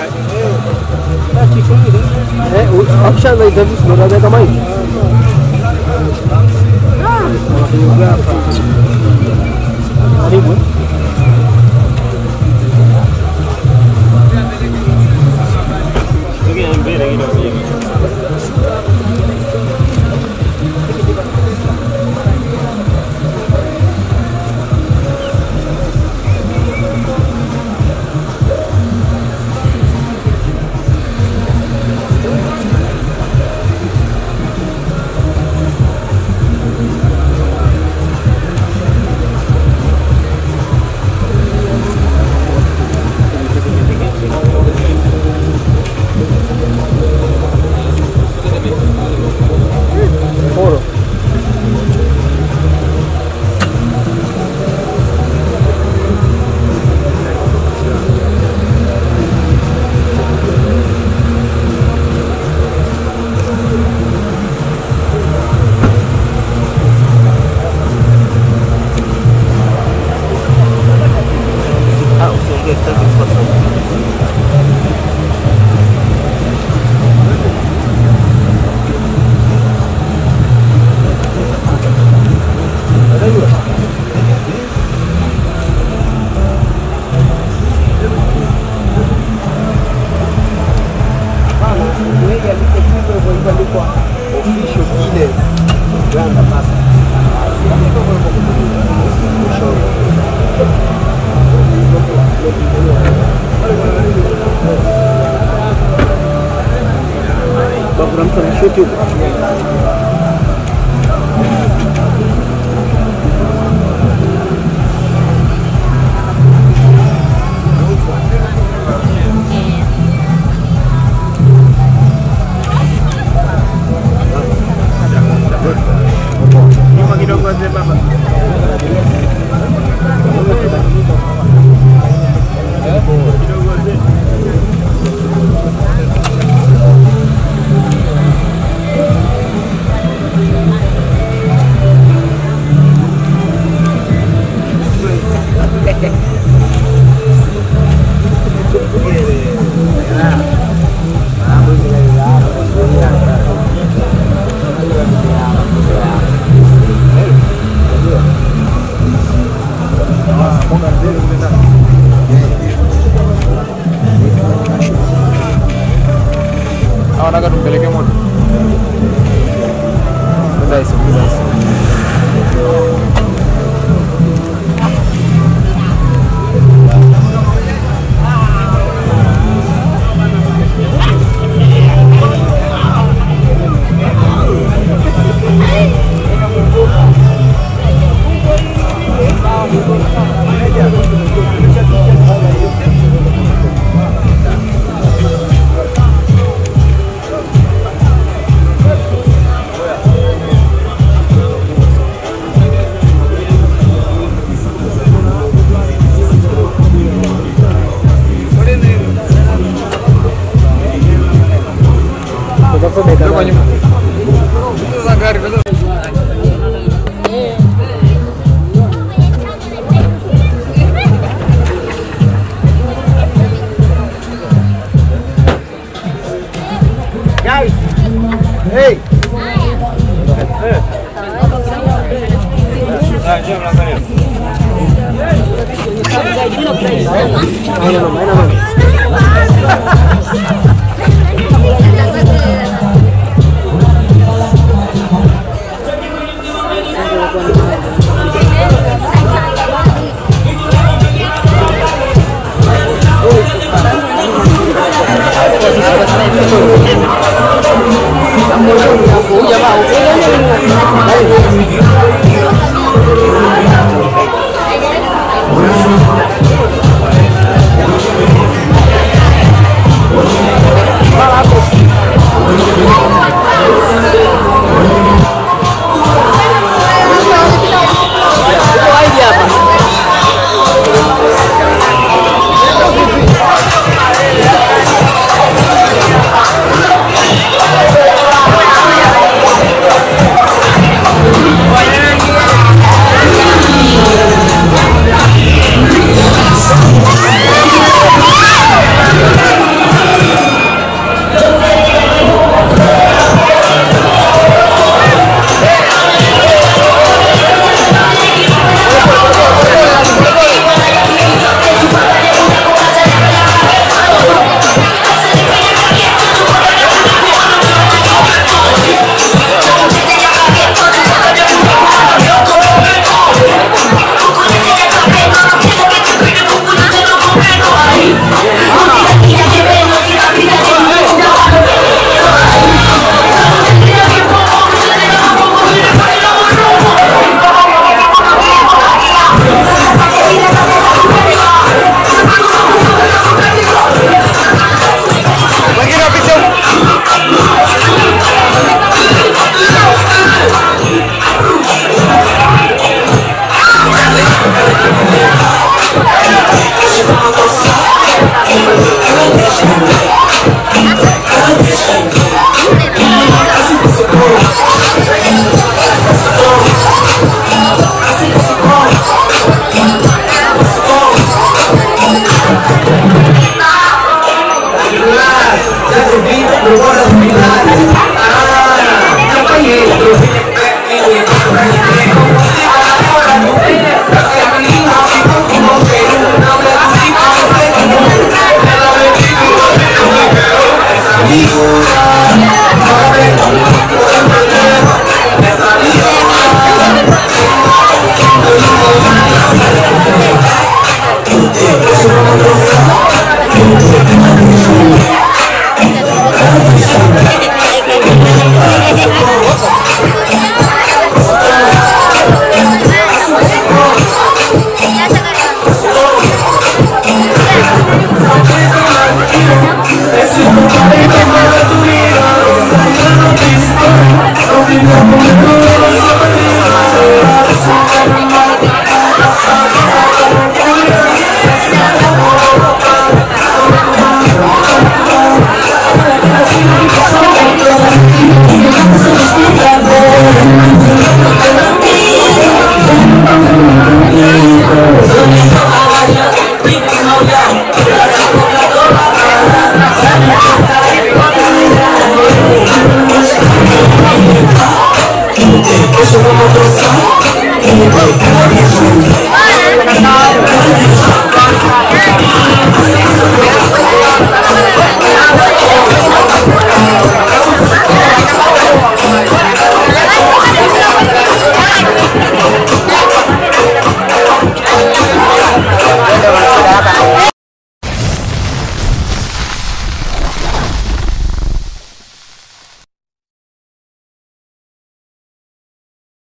Actually, there is no other than mine. Anyone? Again, I'm better, you know. tudo. Foi bem, cara. Guys! Hey! Ah, jom lah kalian. Ayo, ayo, ayo. Thank you. 情報とさ